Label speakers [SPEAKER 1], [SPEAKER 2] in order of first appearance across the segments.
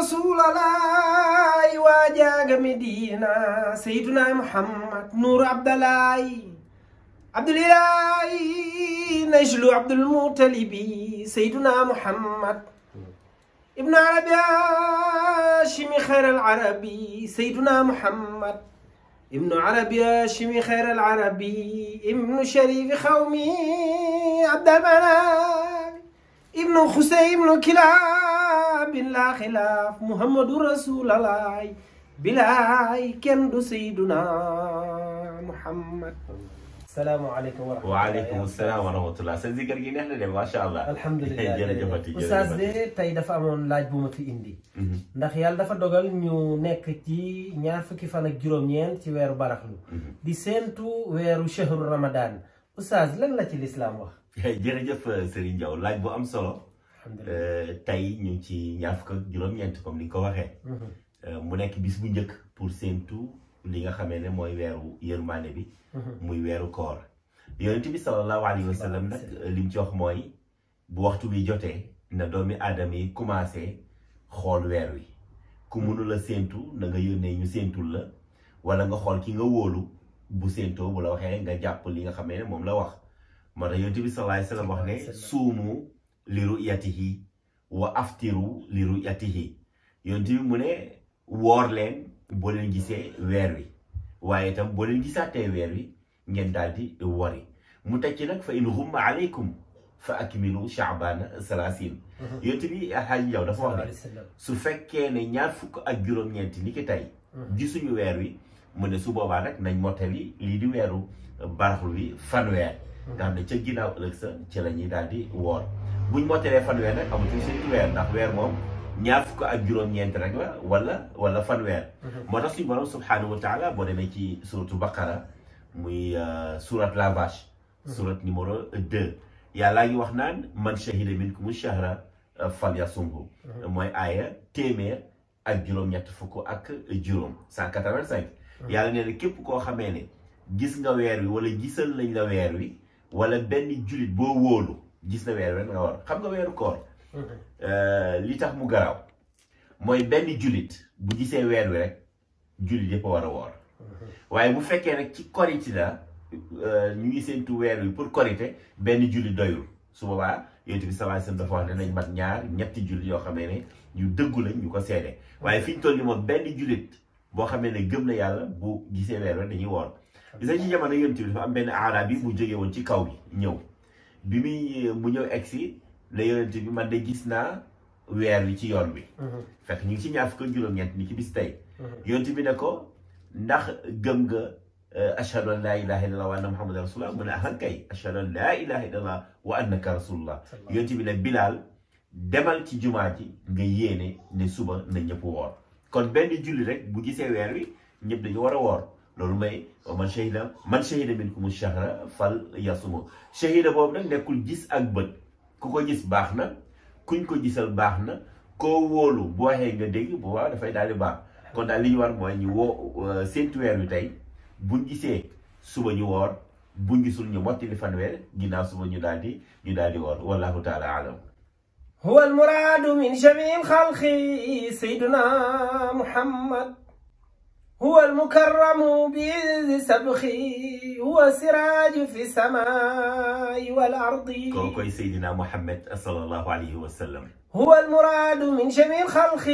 [SPEAKER 1] rasulallaay waa jaaga medina sayyiduna muhammad nuur abdallaay abdulilaay najlu abdul mutalibi sayyiduna muhammad ibnu arabi hashimi xayr al arabi sayyiduna muhammad ibnu arabi hashimi xayr al arabi ibnu sharifi xawmi abdalmanaam ibnu xusey ibnu kilaab bila xilaaf muhammadu rasulalaay bilaay kenn du sayduna muhammad salaamaaleykum wa waaleykum salaam wa
[SPEAKER 2] rahmatulah sa zikar gi neex na de macha allah. alhamdulilah
[SPEAKER 1] tey dafa amoon laaj bu ma fi indi. Mhm. ndax yàlla dafa dogal ñu nekk ci ñaar fukki fan ak juróom-ñeent ci weeru baraxlu mhm. di séentu weeru shahru Ramadan Oustaz lan la ci lislaam wax.
[SPEAKER 2] jërëjëf Serigne Diaw laaj bu am solo. Euh, tey ñu ngi ci ñaar fukk juróom-ñeent comme ni nga ko waxee. Mhm. Euh, mu nekk bis bu njëkk pour séentu li nga xamee ne mooy weeru yërmande bi. Mhm. muy weeru koor. yonent bi sallallahu alayhi wa sallam nag euh, li ci wax mooy bu waxtu bi jotee na doomi aadama yi commencé xool weer wi ku mhm. mënul a séentu na nga yónnee ñu séentul la wala nga xool ki nga wóolu bu séentoo bu la waxee nga jàpp li nga xamee ne moom la wax moo tax yonent bi sallallahu alayhi wa wax ne suumu. li ru'yatihi wa aftiru li ru'yatihi yonent bi mu ne woor leen boo gisee weer wi waaye itam boo leen gisaatee weer wi ngeen daal di wori mu tekki nag fa in ghumma aleykum fa akmilu sha'bana mhm. su fekkee ne ñaar fukk ak juróom-ñeenti ni ki tey mhm. gisuñu weer wi mu ne su boobaa nag nañ mottali lii di weeru baraxlu wi fanweer mhm. nga xam ne ca ginnaaw ëllëg sa ci la ñuy daal di woor buñ mottalee fanweer nag amatuñ seen weer ndax weer moom ñaar fukk ak juróom-ñeent rek la wala wala fanweer. Mhm. moo tax suñu borom subhaanahu wa boo demee ci suratu baqara muy euh, suurat la vache. Mhm. surat numéro 2. yàllaa ngi wax naan man shahida minkumu shahra euh, falyasumhu mhm. mooy aaya téeméer ak juróom-ñett fukk ak juróom 185. yàlla nee na képp koo xamee ne gis nga weer wi wala gisal lañ la weer wi wala benn jullit boo woolu gis na weer wen nga war xam nga weeru koor mhm. euh, li tax mu garaw mooy benn jullit bu gisee weer wi rek jullit yëpp a war a woor mhm. waaye bu fekkee rek ci korite la euh, ñu ngi séntu weer wi pour korite benn jullit doyul su boobaa yonent bi sallallahu alayhi wasallam dafa wax ne nañ mat ñaar ñetti jullit yoo xam ne ne ñu dëggu lañ ñu ko seede waaye mhm. fi ñu toll ni moom benn jullit boo xamee ne gëm na yàlla bu gisee weer wi dañuy woor gis nga ci jamono yonent bi dafa am benn araab yi bu jógee woon ci kaw bi ñëw bi muy euh, mu ñëw egsi la yonent bi man de gis naa weer wi ci yoon bi mhm. fekk ñu ci ñaar fukk ak juróom-ñeent ni ci bis tey mhm. yonent bi ne ko ndax gëm nga euh, ashhadu an laa ilaha illallah wa anna muhammadan rasulullah mu ne ahan kay ashhadu an laa ilaha illallah wa annaka rasulullah yonent bi ne bilaal demal ci jumaa ji nga yéene ne suba na ñëpp woor kon benn julli rek bu gisee weer wi ñëpp dañu war a woor loolu mooy man shahida man shahida minkumu shahra fal yasumu shahida boobu nag nekkul gis ak bët ku ko gis baax na kuñ ko gisal baax na ko woolu bu waxee nga dégg bu waaw dafay daal di baax kon daal li ñu war mooy ñu woo euh, seentu weer wi tey buñ gisee suba ñu woor buñ gisul ñu mottali fanweer ginnaaw suba ñu daal ñu daal di woor wallahu taala alam
[SPEAKER 1] huwa almuraadu min jamii alxalqi sayduna muhammad هو المكرم بإذ سبخي هو سراج في السماء والأرض كوكوي
[SPEAKER 2] سيدنا محمد صلى الله عليه وسلم
[SPEAKER 1] هو المراد من جميع الخلق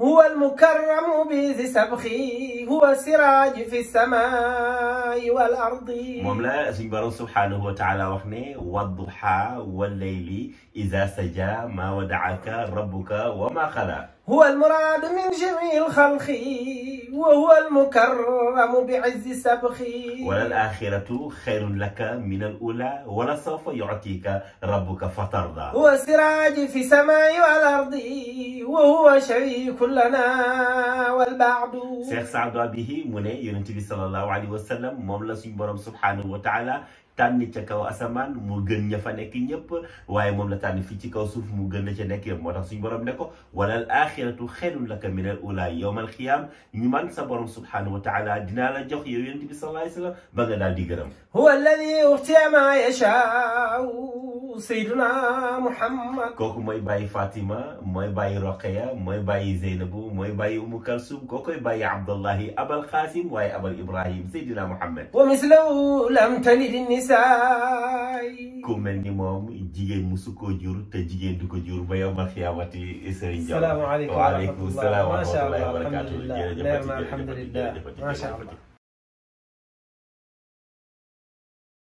[SPEAKER 1] هو المكرم بذي سبخي هو سراج في السماء والأرض مملا
[SPEAKER 2] جبر سبحانه وتعالى وحنا والضحى والليل إذا سجى ما ودعك ربك وما خلا
[SPEAKER 1] هو المراد من جميع الخلق وهو المكرم بعز سبخ
[SPEAKER 2] وللآخرة خير لك من الأولى ولسوف يعطيك ربك فترضى
[SPEAKER 1] هو سراج في سماء والأرض وهو شريك لنا والبعد Cheikh Saad
[SPEAKER 2] Bou bi mu ne Yonent bi sallallahu alayhi wa sallam moom la suñu borom subhanahu wa taala tànn ca kaw asamaan mu gën ña fa nekk ñépp waaye moom la tànn fii ci kaw suuf mu gën la ca nekk yëpp moo tax suñu borom ne ko walal axiratu xayrun laka minal ula yowmal xiyaam ñu man sa borom subhanahu wa taala dinaa la jox yow yonent bi sallallahu alayhi wa sallam ba nga daal di gërëm
[SPEAKER 1] huwa alladi uxtiya ma yashaau
[SPEAKER 2] sayduna muhammad kooku mooy bàyyi fatima mooy bàyyi roqeya mooy bàyyi zeynabu mooy bàyyi umu kalsum kookoy bàyyi abdullahi abal xaasim waaye abal ibrahim saydina muhammad
[SPEAKER 1] wa mislahu lam talid nisaay
[SPEAKER 2] ku mel ni moom jigéen musu ko jur te jigéen du ko jur ba yow ma xiyaamati
[SPEAKER 1] Serigne Diaw. salaamaaleykum wa rahmatulah waaleykum salaam wa rahmatulah. macha allah alhamdulilah leer na alhamdulilah macha allah.